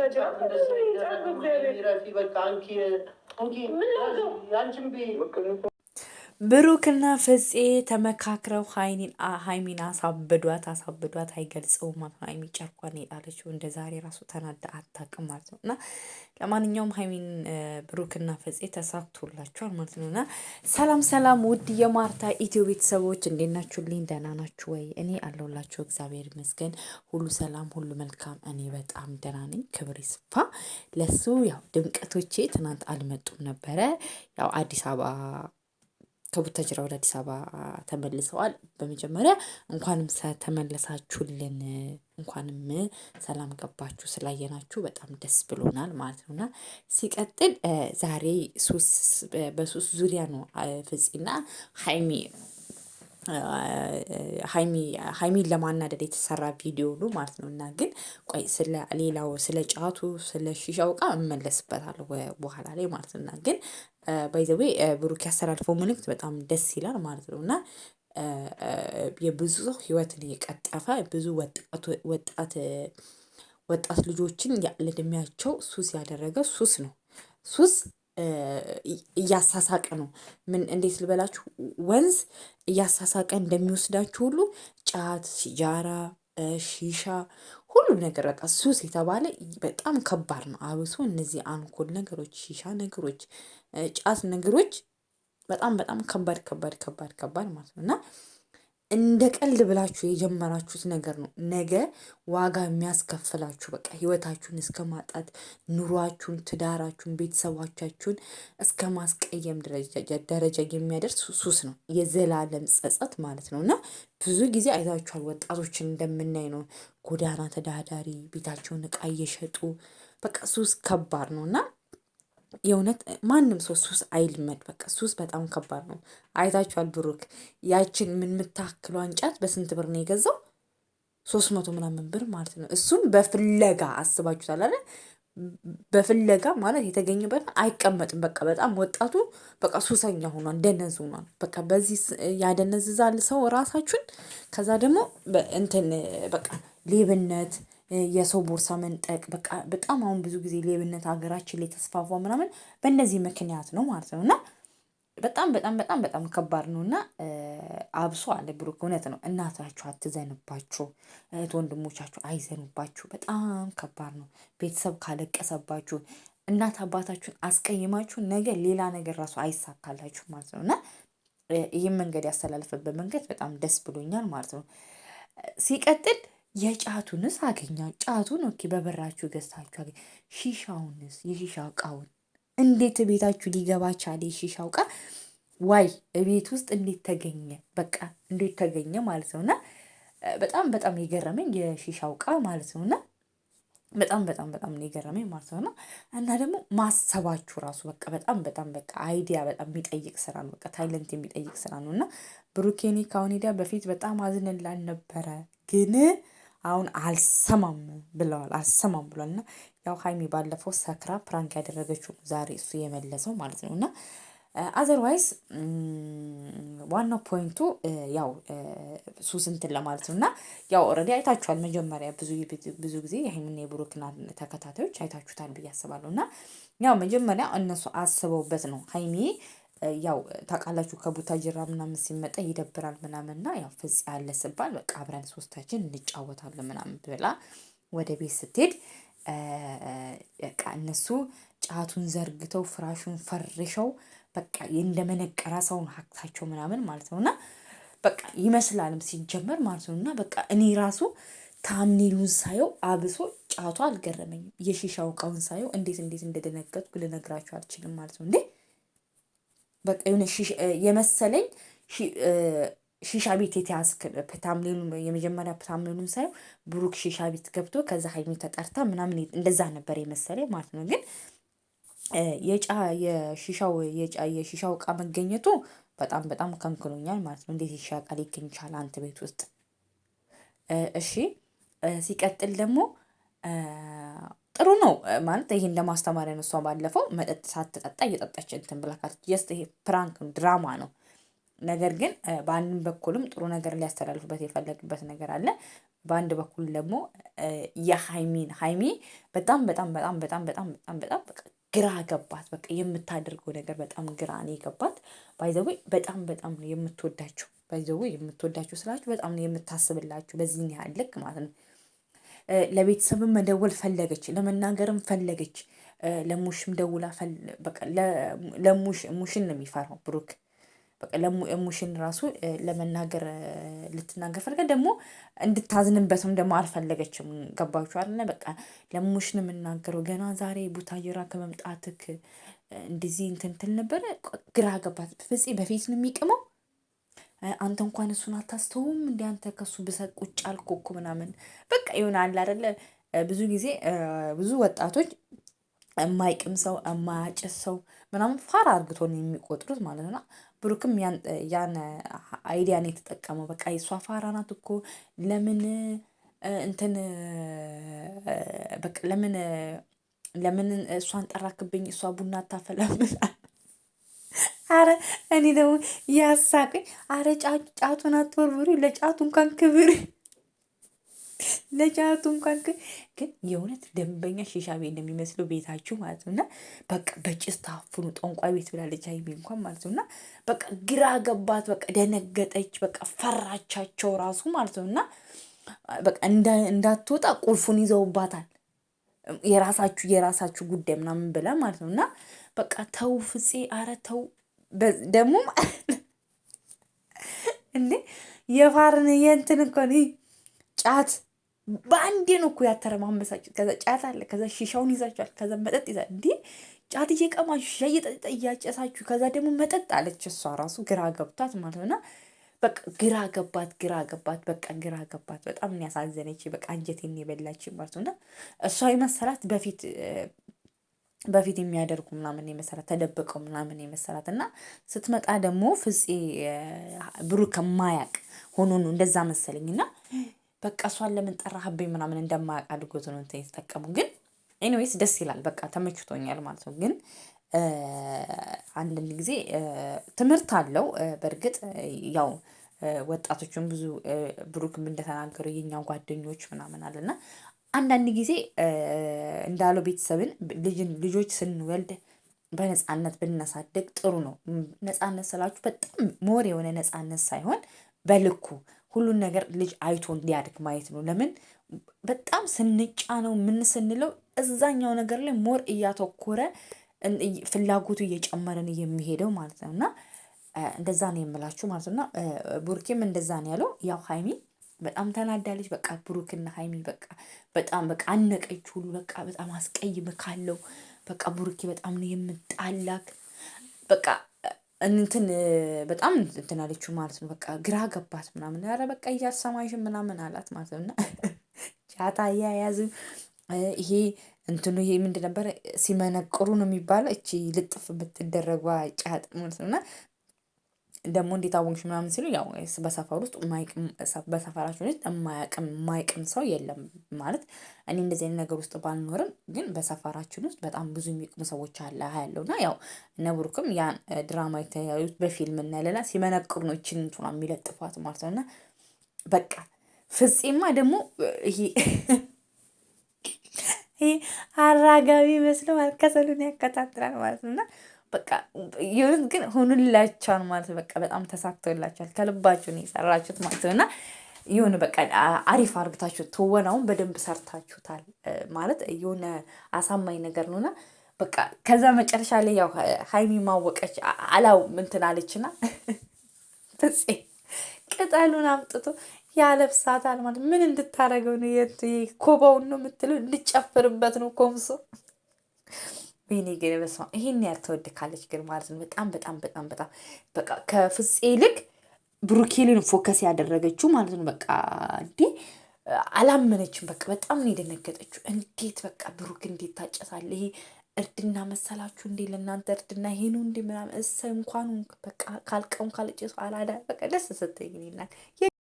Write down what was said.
ምን ብሩክና ፍፄ ተመካክረው ሀይሚን አሳብዷት አሳብዷት አይገልጸውም ማለት ነው። ሀይሚ ጨርቋን የጣለችው እንደ ዛሬ ራሱ ተናዳ አታውቅም ማለት ነው። እና ለማንኛውም ሀይሚን ብሩክና ፍፄ ተሳክቶላቸዋል ማለት ነው። እና ሰላም ሰላም፣ ውድ የማርታ ኢትዮ ቤተሰቦች እንዴት ናችሁልኝ? ደህና ናችሁ ወይ? እኔ አለሁላችሁ እግዚአብሔር ይመስገን፣ ሁሉ ሰላም፣ ሁሉ መልካም። እኔ በጣም ደህና ነኝ። ክብር ይስፋ ለሱ። ያው ድምቀቶቼ ትናንት አልመጡም ነበረ ያው አዲስ አበባ ከቡታጅራ ወደ አዲስ አበባ ተመልሰዋል። በመጀመሪያ እንኳንም ተመለሳችሁልን እንኳንም ሰላም ገባችሁ ስላየናችሁ በጣም ደስ ብሎናል ማለት ነው። እና ሲቀጥል ዛሬ በሱስ ዙሪያ ነው ፍጽና ሀይሚ ሀይሚን ለማናደድ የተሰራ ቪዲዮ ነው ማለት ነው። እና ግን ቆይ ስለ ሌላው ስለ ጫቱ ስለ ሺሻው እቃ እመለስበታለሁ በኋላ ላይ ማለት ነው። እና ግን ባይዘዌ ብሩክ ያስተላልፈው መልእክት በጣም ደስ ይላል ማለት ነው እና የብዙ ሰው ህይወትን የቀጠፈ ብዙ ወጣት ወጣት ልጆችን ያለ ሱስ ያደረገ ሱስ ነው። ሱስ እያሳሳቀ ነው። ምን እንዴት ልበላችሁ፣ ወንዝ እያሳሳቀ እንደሚወስዳችሁ ሁሉ ጫት፣ ሲጃራ፣ ሺሻ ሁሉ ነገር በቃ ሱስ የተባለ በጣም ከባድ ነው። አብሶ እነዚህ አንኮል ነገሮች፣ ሺሻ ነገሮች፣ ጫት ነገሮች በጣም በጣም ከባድ ከባድ ከባድ ከባድ ማለት ነው እና እንደ ቀልድ ብላችሁ የጀመራችሁት ነገር ነው ነገ ዋጋ የሚያስከፍላችሁ በቃ ህይወታችሁን እስከ ማጣት ኑሯችሁን፣ ትዳራችሁን፣ ቤተሰባቻችሁን እስከ ማስቀየም ደረጃ የሚያደርስ ሱስ ነው፣ የዘላለም ጸጸት ማለት ነው። እና ብዙ ጊዜ አይታችኋል ወጣቶችን እንደምናይ ነው ጎዳና ተዳዳሪ ቤታቸውን እቃ እየሸጡ በቃ ሱስ ከባድ ነው እና የእውነት ማንም ሰው ሱስ አይልመድ። በቃ ሱስ በጣም ከባድ ነው። አይታችኋል ብሩክ ያችን የምታክለው እንጨት በስንት ብር ነው የገዛው? ሶስት መቶ ምናምን ብር ማለት ነው። እሱም በፍለጋ አስባችሁታል አይደል? በፍለጋ ማለት የተገኘበት አይቀመጥም። በቃ በጣም ወጣቱ በቃ ሱሰኛ ሆኗል፣ ደነዝ ሆኗል። በቃ በዚህ ያደነዝዛል ሰው ራሳችሁን። ከዛ ደግሞ እንትን በቃ ሌብነት የሰው ቦርሳ መንጠቅ በቃ በጣም አሁን ብዙ ጊዜ ሌብነት ሀገራችን ላይ ተስፋፋ ምናምን በእንደዚህ ምክንያት ነው ማለት ነው። እና በጣም በጣም በጣም በጣም ከባድ ነው። እና አብሶ አለ ብሩክ እውነት ነው እናታችሁ አትዘንባችሁ እህት ወንድሞቻችሁ አይዘኑባችሁ በጣም ከባድ ነው። ቤተሰብ ካለቀሰባችሁ እናት አባታችሁን አስቀይማችሁ ነገ ሌላ ነገር ራሱ አይሳካላችሁ ማለት ነው። እና ይህም መንገድ ያስተላለፈበት መንገድ በጣም ደስ ብሎኛል ማለት ነው። ሲቀጥል የጫቱንስ አገኛ ጫቱን ኦኬ፣ በበራችሁ ገዝታችሁ አገኝ። ሺሻውንስ የሺሻ እቃውን እንዴት ቤታችሁ ሊገባ ቻለ? የሺሻው እቃ ዋይ ቤት ውስጥ እንዴት ተገኘ? በቃ እንዴት ተገኘ ማለት ነውና በጣም በጣም የገረመኝ የሺሻው እቃ ማለት ነውና በጣም በጣም በጣም ነው የገረመኝ ማለት እና ደግሞ ማሰባችሁ ራሱ በቃ በጣም በጣም በቃ አይዲያ በጣም የሚጠይቅ ስራ ነው። በቃ ታይለንት የሚጠይቅ ስራ ነው እና ብሩኬኒ በፊት በጣም አዝንላል ነበረ ግን አሁን አልሰማም ብለዋል አልሰማም ብሏል። እና ያው ሀይሚ ባለፈው ሰክራ ፕራንክ ያደረገችው ዛሬ እሱ የመለሰው ማለት ነው። እና አዘርዋይስ ዋናው ፖይንቱ ያው ሱስ ለማለት ነው። እና ያው ኦልሬዲ አይታችኋል። መጀመሪያ ብዙ ብዙ ጊዜ የሀይሚና የብሩክና ተከታታዮች አይታችሁታል ብዬ አስባለሁ። እና ያው መጀመሪያ እነሱ አስበውበት ነው ሀይሚ ያው ታውቃላችሁ ከቡታጅራ ምናምን ሲመጣ ይደብራል ምናምን እና ያው ፍጽ ያለ ስባል በቃ አብረን ሶስታችን እንጫወታለን ምናምን ብላ ወደ ቤት ስትሄድ በቃ እነሱ ጫቱን ዘርግተው ፍራሹን ፈርሸው በቃ እንደመነቀራ ሰውን ሀክታቸው ምናምን ማለት ነው እና በቃ ይመስላልም ሲጀመር ማለት ነው እና በቃ እኔ ራሱ ታምኔሉን ሳየው አብሶ ጫቱ አልገረመኝም። የሺሻው እቃውን ሳየው እንዴት እንዴት እንደደነገጥኩ ልነግራቸው አልችልም ማለት ነው እንዴ በቃ የሆነ የመሰለኝ ሺሻ ቤት የተያዝክ ፕታምሌኑ የመጀመሪያ ፕታምሌኑን ሳይሆን ብሩክ ሺሻ ቤት ገብቶ ከዛ ሀይሚ ተጠርታ ምናምን እንደዛ ነበር የመሰለኝ ማለት ነው። ግን የጫ የሺሻው የጫ የሺሻው እቃ መገኘቱ በጣም በጣም ከንክኖኛል ማለት ነው። እንዴት የሺሻ እቃ ሊገኝ ይቻል አንተ ቤት ውስጥ? እሺ ሲቀጥል ደግሞ ጥሩ ነው ማለት ይሄን ለማስተማሪያ ነው። እሷ ባለፈው መጠጥ ሳትጠጣ እየጠጣች እንትን ብላካለች። ጀስት ይሄ ፕራንክ ድራማ ነው። ነገር ግን በአንድም በኩልም ጥሩ ነገር ሊያስተላልፉበት የፈለግበት ነገር አለ። በአንድ በኩል ደግሞ የሀይሚን ሀይሚ በጣም በጣም በጣም በጣም በጣም በጣም በጣም ግራ ገባት። በቃ የምታደርገው ነገር በጣም ግራ ነው የገባት። ባይዘዌ በጣም በጣም ነው የምትወዳችሁ። ባይዘዌ የምትወዳችሁ ስላችሁ በጣም ነው የምታስብላችሁ። በዚህ ያህል ልክ ማለት ነው ለቤተሰብም መደወል ፈለገች፣ ለመናገርም ፈለገች። ለሙሽም ደውላ ለሙሽ ሙሽን ነው የሚፈራው ብሩክ በቃ ሙሽን ራሱ ለመናገር ልትናገር ፈልገ ደግሞ እንድታዝንበትም ደግሞ አልፈለገችም። ገባችሁ አለ በቃ ለሙሽን የምናገረው ገና ዛሬ ቡታየራ ከመምጣትክ እንደዚህ እንትን ትል ነበረ። ግራ ገባት። ፍፄ በፊት ነው የሚቅመው አንተ እንኳን እሱን አታስተውም እንዲ አንተ ከሱ ብሰቅ ቁጭ አልክ እኮ ምናምን በቃ ይሆናል አይደለ? ብዙ ጊዜ ብዙ ወጣቶች የማይቅም ሰው የማያጭስ ሰው ምናምን ፋራ አርግቶ ነው የሚቆጥሩት ማለት ነው። ብሩክም ያን አይዲያን የተጠቀመው በቃ የእሷ ፋራ ናት እኮ ለምን እንትን በቃ ለምን ለምን እሷን ጠራክብኝ? እሷ ቡና አታፈላም አረ እኔ ደግሞ ያሳቀኝ። አረ ጫቱን አትወርውሪ፣ ለጫቱ እንኳን ክብር ለጫቱ እንኳን ክብር ግን የእውነት ደንበኛ ሺሻ ቤት እንደሚመስለው ቤታችሁ ማለት ነው። እና በቃ በጭስ ታፍኑ ጠንቋይ ቤት ብላለች ሀይሚ እንኳን ማለት ነው። እና በቃ ግራ ገባት፣ በቃ ደነገጠች፣ በቃ ፈራቻቸው ራሱ ማለት ነው። እና በቃ እንዳትወጣ ቁልፉን ይዘውባታል። የራሳችሁ የራሳችሁ ጉዳይ ምናምን ብላ ማለት ነው። እና በቃ ተው ፍፄ፣ አረ ተው ደግሞ እንዴ የፋርን የእንትን እንኳን ጫት በአንዴ ነው እኮ ያተረማመሳችሁት። ከዛ ጫት አለ፣ ከዛ ሺሻውን ይዛችኋል፣ ከዛ መጠጥ ይዛል። እንዴ ጫት እየቀማችሁ ሺሻ እየጠጠ እያጨሳችሁ፣ ከዛ ደግሞ መጠጥ አለች። እሷ ራሱ ግራ ገብቷት ማለት ነውና በቃ ግራ ገባት፣ ግራ ገባት፣ በቃ ግራ ገባት። በጣም ያሳዘነች በቃ አንጀቴን የበላች ማለት ነው። እሷ የመሰላት በፊት በፊት የሚያደርጉ ምናምን የመሰላት ተደብቀው ምናምን የመሰላት እና ስትመጣ ደግሞ ፍፄ ብሩክ ከማያቅ ሆኖ ነው እንደዛ መሰለኝ። እና በቃ እሷን ለምን ጠራህቤ ምናምን እንደማያቅ አድርጎት ነው እንትን የተጠቀሙ። ግን ኤኒዌይስ ደስ ይላል፣ በቃ ተመችቶኛል ማለት ነው። ግን አንዳንድ ጊዜ ትምህርት አለው በእርግጥ ያው ወጣቶቹን ብዙ ብሩክም እንደተናገሩ የኛው ጓደኞች ምናምን አለና አንዳንድ ጊዜ እንዳለው ቤተሰብን ልጆች ስንወልድ በነፃነት ብናሳደግ ጥሩ ነው። ነፃነት ስላችሁ በጣም ሞር የሆነ ነፃነት ሳይሆን በልኩ ሁሉን ነገር ልጅ አይቶ እንዲያድግ ማየት ነው። ለምን በጣም ስንጫነው ምን ስንለው እዛኛው ነገር ላይ ሞር እያተኮረ ፍላጎቱ እየጨመረ የሚሄደው ማለት ነው። እና እንደዛ ነው የምላችሁ ማለት ነው። እና ቡርኬም እንደዛ ነው ያለው ያው ሀይሚ በጣም ተናዳለች። በቃ ብሩክና ሀይሚ በቃ በጣም በቃ አነቀች ሁሉ በቃ በጣም አስቀይም ካለው በቃ ብሩኬ በጣም ነው የምጣላክ በቃ እንትን በጣም እንትን አለችው ማለት ነው። በቃ ግራ ገባት ምናምን ኧረ በቃ እያልሰማሽም ምናምን አላት ማለት ነው። እና ቻታ እያያዝ ይሄ እንትኑ ይሄ ምንድን ነበር ሲመነቅሩ ነው የሚባለው እቺ ልጥፍ የምትደረጓ ጫጥ ማለት ነው እና ደግሞ እንዴት አወቅሽ ምናምን ሲሉ ያው በሰፈር ውስጥ በሰፈራችን ውስጥ የማያቅም የማይቅም ሰው የለም። ማለት እኔ እንደዚህ አይነት ነገር ውስጥ ባልኖርም ግን በሰፈራችን ውስጥ በጣም ብዙ የሚቅሙ ሰዎች አለ ያለው እና ያው ነብሩክም ያን ድራማ የተያዩት በፊልም እናለላ ሲመነቅሩ ነው ይችን እንትኗ የሚለጥፏት ማለት ነው እና በቃ ፍጼማ ደግሞ ይሄ ይሄ አራጋቢ መስለው አልከሰሉን ያከታትላል ማለት ነው እና በቃ የሆነት ግን ሆኑላቸዋል ማለት በቃ በጣም ተሳክቶላቸዋል። ከልባችሁ ነው የሰራችሁት ማለት ነው እና የሆነ በቃ አሪፍ አርግታችሁ ትወናውን በደንብ ሰርታችሁታል ማለት የሆነ አሳማኝ ነገር ነውና በቃ ከዛ መጨረሻ ላይ ያው ሀይሚ ማወቀች አላው እንትን አለችና ፍፄ ቅጠሉን አምጥቶ ያለብሳታል ማለት ምን እንድታረገው ነው? ኮባውን ነው የምትለው? እንድጨፍርበት ነው ኮምሶ ወይኔ ግን በስመ አብ ይሄን ያህል ተወድካለች ግን ማለት ነው። በጣም በጣም በጣም በጣም በቃ ከፍፄ ይልቅ ብሩኬልን ፎከስ ያደረገችው ማለት ነው። በቃ እንዴ አላመነችም። በቃ በጣም ነው የደነገጠችው። እንዴት በቃ ብሩክ እንዴት ታጨሳለ? ይሄ እርድና መሰላችሁ እንዴ? ለእናንተ እርድና ይሄ ነው እንዴ? ምናምን እሰ እንኳን በቃ ካልቀሙ ካልጭሱ አላዳ በቃ ደስ ስትይኝናል